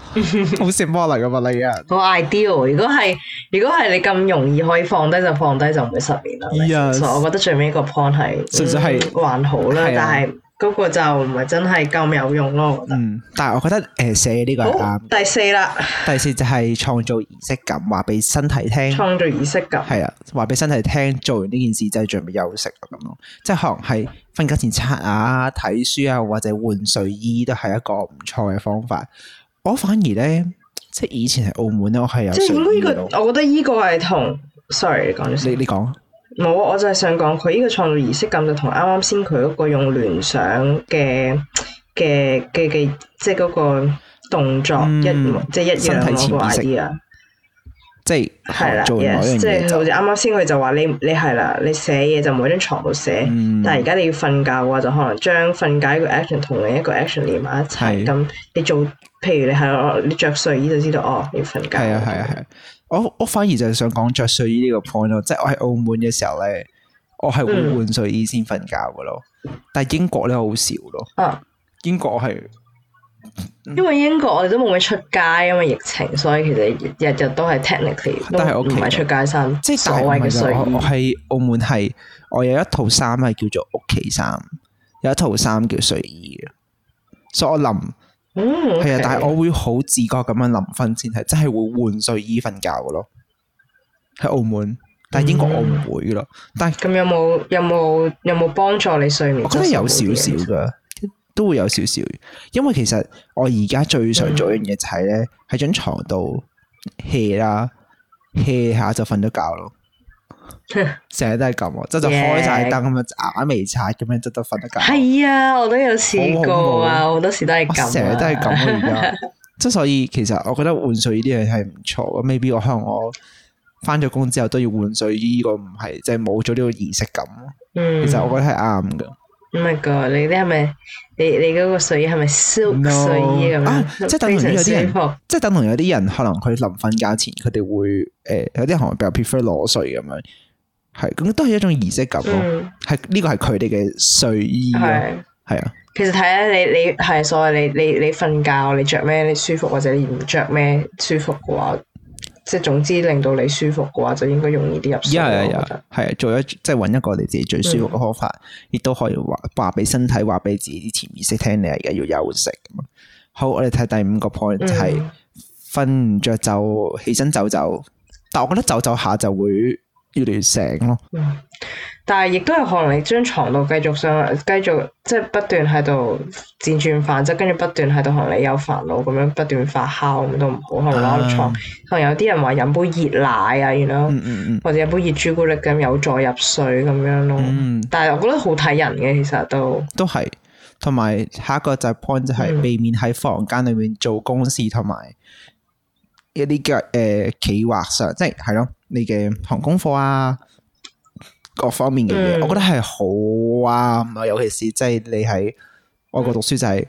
好食羨慕嚟噶嘛你啊，好 ideal。如果係，如果係你咁容易可以放低就放低，就唔會失眠啦。所以 Yes. 我覺得最尾一個 point 係，實係是、嗯、還好啦，的但係嗰個就唔係真係咁有用咯。嗯，但係我覺得誒寫呢個啱、哦。第四啦，第四就係創造儀式感，話俾身體聽。創造儀式感係啊，話俾身體聽，做完呢件事就係準備休息啦咁咯。即係可能係瞓覺前刷牙、啊、睇書啊，或者換睡衣都係一個唔錯嘅方法。我反而咧，即係以前係澳門咧，我係有。即係應該呢個，我覺得呢個係同，sorry，講住你，你講，冇，我就係想講佢呢個創造儀式感就同啱啱先佢嗰個用聯想嘅嘅嘅嘅，即係嗰個動作一、嗯、即係一樣嗰個 idea。即係做嘢，即係好似啱啱先佢就話你你係啦，你寫嘢就唔喺張床度寫，但係而家你要瞓覺嘅話，就可能將瞓覺一個 action 同另一個 action 連埋一齊。咁你做，譬如你係哦，你着睡衣就知道哦你要瞓覺。係啊係啊係，我我反而就係想講着睡衣呢個 point 咯，即係我喺澳門嘅時候咧，我係會換睡衣先瞓覺噶咯，但係英國咧好少咯，英國係。因為英國我哋都冇咩出街，因為疫情，所以其實日日都係 technically 都唔係出街衫，即係所謂嘅睡衣。係澳門係我有一套衫係叫做屋企衫，有一套衫叫睡衣，所以我臨係啊，嗯 okay，但係我會好自覺咁樣臨瞓前係真係會換睡衣瞓覺嘅咯。喺澳門，但係英國我唔會咯。嗯、但係是咁有冇有冇有冇幫助你睡眠？真係有少少噶。嗯都會有少少，因為其實我而家最想做樣嘢就係咧喺張床度 hea 啦 hea 下就瞓到覺咯，成日都係咁，即就開晒燈咁樣眼未擦咁樣都得瞓得覺。係啊，我都有試過啊，好多時都係成日都係咁啊。而家即所以，其實我覺得換水呢啲嘢係唔錯。maybe 我可能我翻咗工之後都要換水呢個唔係，即係冇咗呢個儀式感。其實我覺得係啱噶。嗯唔係個，你啲係咪？你你嗰個睡衣係咪 silk 睡衣咁樣？啊、即係等同有啲人，即係等同有啲人可能佢臨瞓覺前，佢哋會誒、呃，有啲行為比較 prefer 裸睡咁樣。係咁都係一種儀式感咯。係呢個係佢哋嘅睡衣。係是啊。其實睇下你你係，所謂你你你瞓覺你着咩？你舒服或者你唔着咩舒服嘅話？即係總之令到你舒服嘅話，就應該容易啲入睡。係啊、yeah, yeah , yeah，係啊，做一即係揾一個你自己最舒服嘅方法，亦都 Yeah. 可以話話俾身體，話俾自己啲潛意識聽，你而家要休息。好，我哋睇第五個 point Yeah. 就係瞓唔着就起身走走，但我覺得走走下就會越嚟越醒咯。Yeah. 但係亦都係可能你張床度繼續上，繼續即係不斷喺度輾轉反側，跟住不斷喺度可能你有煩惱咁樣不斷發酵咁都唔好。可能攬牀，可能有啲人話飲杯熱奶啊，然後、嗯嗯嗯、或者飲杯熱朱古力咁有助入睡咁樣咯。嗯、但係我覺得好睇人嘅，其實都都係。同埋下一個就係 point 就係、是嗯、避免喺房間裡面做公事同埋一啲嘅誒企劃上，即係係咯你嘅堂功課啊。各方面嘅嘢，嗯、我覺得係好啊，尤其是即係你喺外國讀書就係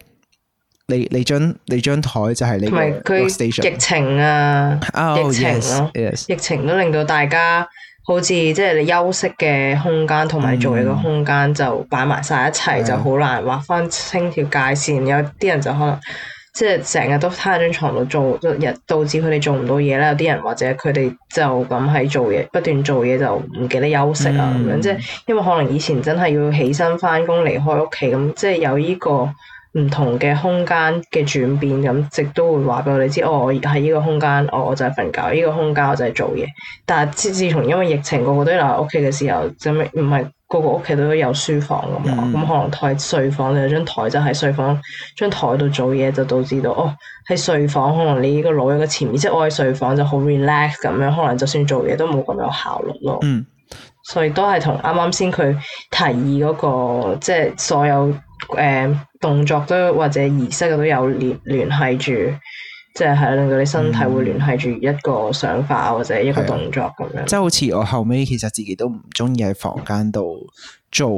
你你張你張台就係你。同埋佢、嗯、疫情啊，哦、疫情咯，疫情都令到大家好似即係你休息嘅空間同埋做嘢嘅空間就擺埋晒一齊，嗯、就好難劃翻清條界線。嗯、有啲人就可能。即係成日都攤喺張床度做，日導致佢哋做唔到嘢啦。有啲人或者佢哋就咁喺做嘢，不斷做嘢就唔記得休息啊。咁、嗯、樣即係因為可能以前真係要起身返工離開屋企，咁即係有呢個唔同嘅空間嘅轉變。咁直都會話俾我哋知，哦，我喺呢個空間、哦，我就係瞓覺；呢個空間我就係做嘢。但係自自從因為疫情，個個都留喺屋企嘅時候，就咪唔係。個個屋企都有書房咁咯，咁，嗯，可能喺睡房有張台，就喺睡房張台度做嘢，就導致到哦，喺睡房可能你個腦喺個前面，即係我喺睡房就好 relax 咁樣，可能就算做嘢都冇咁有，有效率咯。嗯，所以都係同啱啱先佢提議嗰個，即係所有誒動作都或者儀式都有連聯繫住。即係令到你身體會聯繫住一個想法或者一個動作咁樣、嗯。即係好似我後尾其實自己都唔中意喺房間度做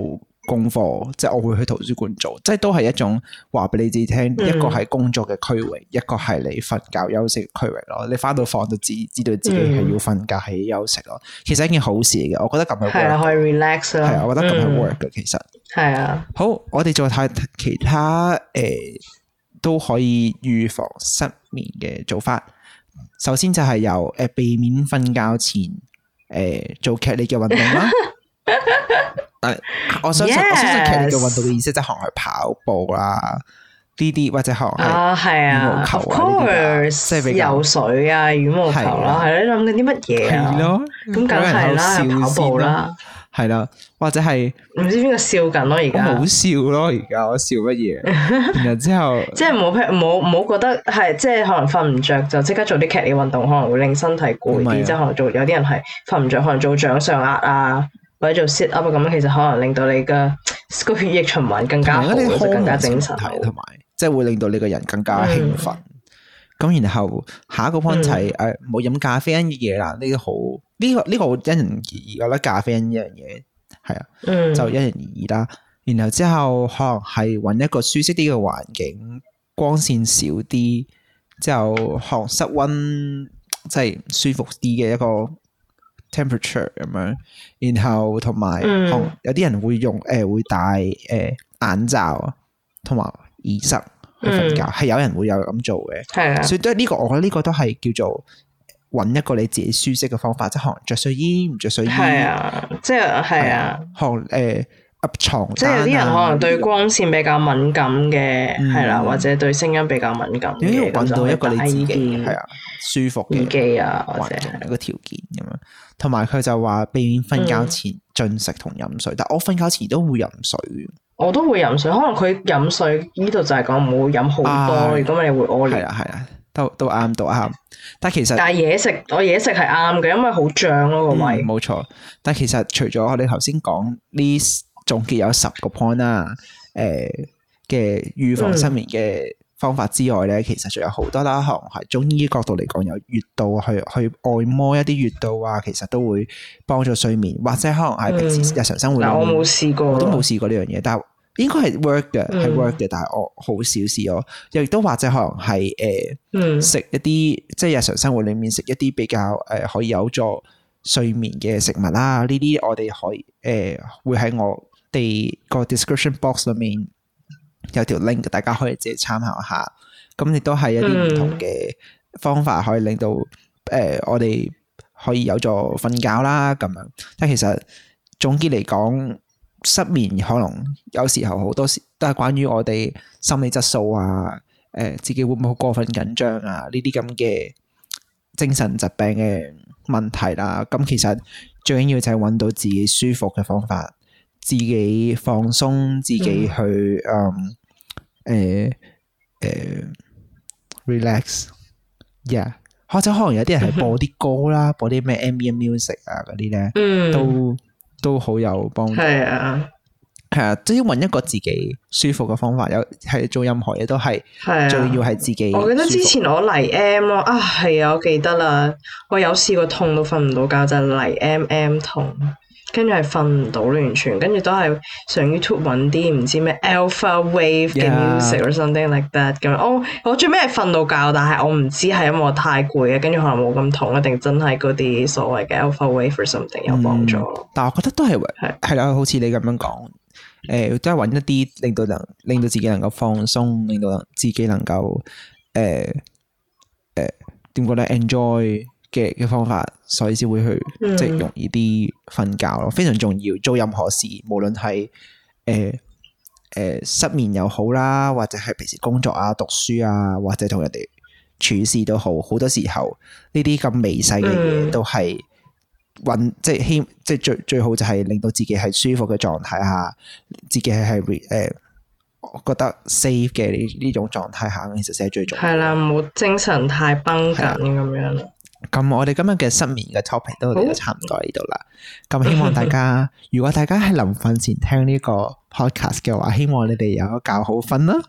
功課，即係我會去圖書館做，即係都係一種話俾你自己聽，一個係工作嘅區域，嗯、一個係你瞓覺休息區域咯。你翻到房就知知道自己係要瞓覺喺休息咯。嗯、其實一件好事嘅，我覺得咁樣係啊，可以 relax 啊。係啊，我覺得咁係 work 嘅，嗯、其實係啊。的好，我哋再睇其他誒。呃都可以預防失眠嘅做法。首先就係由誒避免瞓覺前誒做劇烈嘅運動啦。但係我想想，我想想劇烈嘅運動嘅意思，即係學去跑步啦，呢啲或者學啊，係啊，羽毛球啊，游泳、游水啊、羽毛球啦，係咯，諗緊啲乜嘢啊？咁梗係啦，又跑步啦。係啦，或者係唔知邊個笑緊咯而家。好笑咯而家，我笑乜嘢？ 然後之後即係唔好唔好唔好覺得係，即係可能瞓唔着就即刻做啲劇烈運動，可能會令身體攰啲。是啊、即係可能做有啲人係瞓唔着，可能做掌上壓啊，或者做 sit up 咁，啊、其實可能令到你嘅血液循環更加好，更加精神。同埋，即係會令到你個人更加興奮。咁、嗯、然後下一個 point 係誒，冇飲、哎、咖啡因嘅嘢啦，呢個好。呢、這個呢、這個因人而異，我覺得咖啡因呢樣嘢係啊，就因人而異啦。然後之後可能係揾一個舒適啲嘅環境，光線少啲，之後寒室溫即係舒服啲嘅一個 temperature 咁樣。然後同埋有啲、嗯、人會用誒、呃、會戴誒、呃、眼罩同埋耳塞去瞓覺，係、嗯、有人會有咁做嘅。係是啊，所以都、這、呢個我覺得呢個都係叫做。揾一個你自己舒適嘅方法，即係學着睡衣唔着睡衣，係啊，即係係啊，學誒床，即係有啲人可能對光線比較敏感嘅，係啦，或者對聲音比較敏感，你都要揾到一個你自己係啊舒服嘅機啊，或者個條件咁樣，同埋佢就話避免瞓覺前進食同飲水，但我瞓覺前都會飲水，我都會飲水，可能佢飲水呢度就係講唔好飲好多，咁咪會屙尿。都都啱，到啱。但其實，但係嘢食，嗯、我嘢食係啱嘅，因為好脹咯個胃。冇、嗯、錯。但其實除咗我哋頭先講呢總結有十個 point 啦，誒、呃、嘅預防失眠嘅方法之外咧，嗯、其實仲有好多啦，可能係中醫角度嚟講有穴道去去按摩一啲穴道啊，其實都會幫助睡眠，或者可能係平時喺日常生活嗱、嗯、我冇試過，我都冇試過呢樣嘢，但。應該係 work 嘅，係、嗯、work 嘅，但係我好少試咯。又亦都或者可能係誒食一啲即係日常生活裏面食一啲比較誒、呃、可以有助睡眠嘅食物啦。呢啲我哋可以誒、呃、會喺我哋個 description box 裏面有條 link，大家可以自己參考下。咁亦都係一啲唔同嘅方法，可以令到誒、嗯呃、我哋可以有助瞓覺啦。咁樣，但係其實總結嚟講。失眠可能有時候好多時都係關於我哋心理質素啊，誒、呃，自己會唔會過分緊張啊？呢啲咁嘅精神疾病嘅問題啦。咁其實最緊要就係揾到自己舒服嘅方法，自己放鬆，自己去嗯，誒、嗯，誒、呃呃、，relax。yeah，或者可能有啲人係播啲歌啦， 播啲咩 ambient music 啊嗰啲咧，呢嗯、都。都好有幫助，係啊，係啊，都要揾一個自己舒服嘅方法。有係做任何嘢都係，啊、最要係自己。我記得之前我嚟 M 咯，啊，係啊，我記得啦，我有試過痛到瞓唔到覺，就嚟、是、M M 痛。跟住係瞓唔到完全，跟住都係上 YouTube 揾啲唔知咩 alpha wave 嘅 music 或者 Yeah. something like that 咁、哦。我我最尾係瞓到覺，但係我唔知係因為我太攰啊，跟住可能冇咁痛啊，定真係嗰啲所謂嘅 alpha wave or something 有幫助、嗯。但我覺得都係係係啦，好似是你咁樣講，誒、呃，都係揾一啲令到能令到自己能夠放鬆，令到自己能夠誒誒，點講咧 enjoy。嘅嘅方法，所以先會去、嗯、即係容易啲瞓覺咯，非常重要。做任何事，無論係誒誒失眠又好啦，或者係平時工作啊、讀書啊，或者同人哋處事都好，好多時候呢啲咁微細嘅嘢都係搵即係希，即係最最好就係令到自己係舒服嘅狀態下，自己係係誒，呃、覺得 safe 嘅呢呢種狀態下，其實先係最重要。係啦，冇精神太繃緊咁樣。咁我哋今日嘅失眠嘅 topic 好都差唔多呢度啦。咁希望大家， 如果大家喺臨瞓前聽呢個 podcast 嘅話，希望你哋有一覺好瞓啦。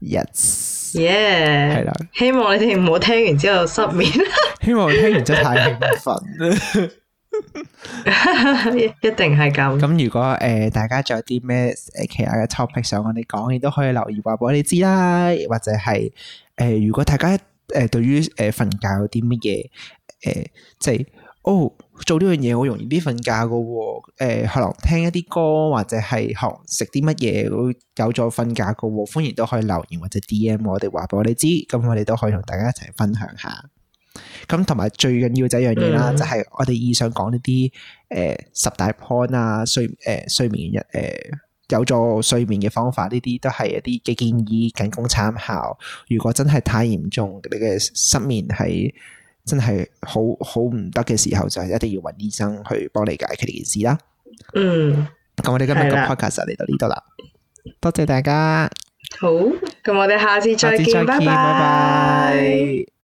Yes，係啦 Yeah. 的。希望你哋唔好聽完之後失眠。 希望聽完之後太興奮。 一定係咁。咁如果誒、呃、大家仲有啲咩誒其他嘅 topic 想我哋講，亦都可以留言話俾我哋知啦。或者係誒、呃呃、如果大家。誒、呃，對於誒瞓覺有啲乜嘢？誒、呃，即、就、係、是、哦，做呢樣嘢好容易啲瞓覺噶喎、哦。誒、呃，可能聽一啲歌或者係學食啲乜嘢會有咗瞓覺噶喎、哦。歡迎都可以留言或者 DM 我哋話俾我哋知，咁我哋都可以同大家一齊分享下。咁同埋最緊要一就一樣嘢啦，就係我哋以上講呢啲誒十大 point 啊，睡誒、呃、睡眠日。誒、呃。有助睡眠嘅方法，呢啲都係一啲嘅建議，僅供參考。如果真係太嚴重，你嘅失眠係真係好好唔得嘅時候，就係一定要揾醫生去幫你解決呢件事啦。嗯，咁我哋今日個 podcast 嚟到呢度啦，係嘅，多謝大家。好，咁我哋下次再見，再見拜拜。拜拜。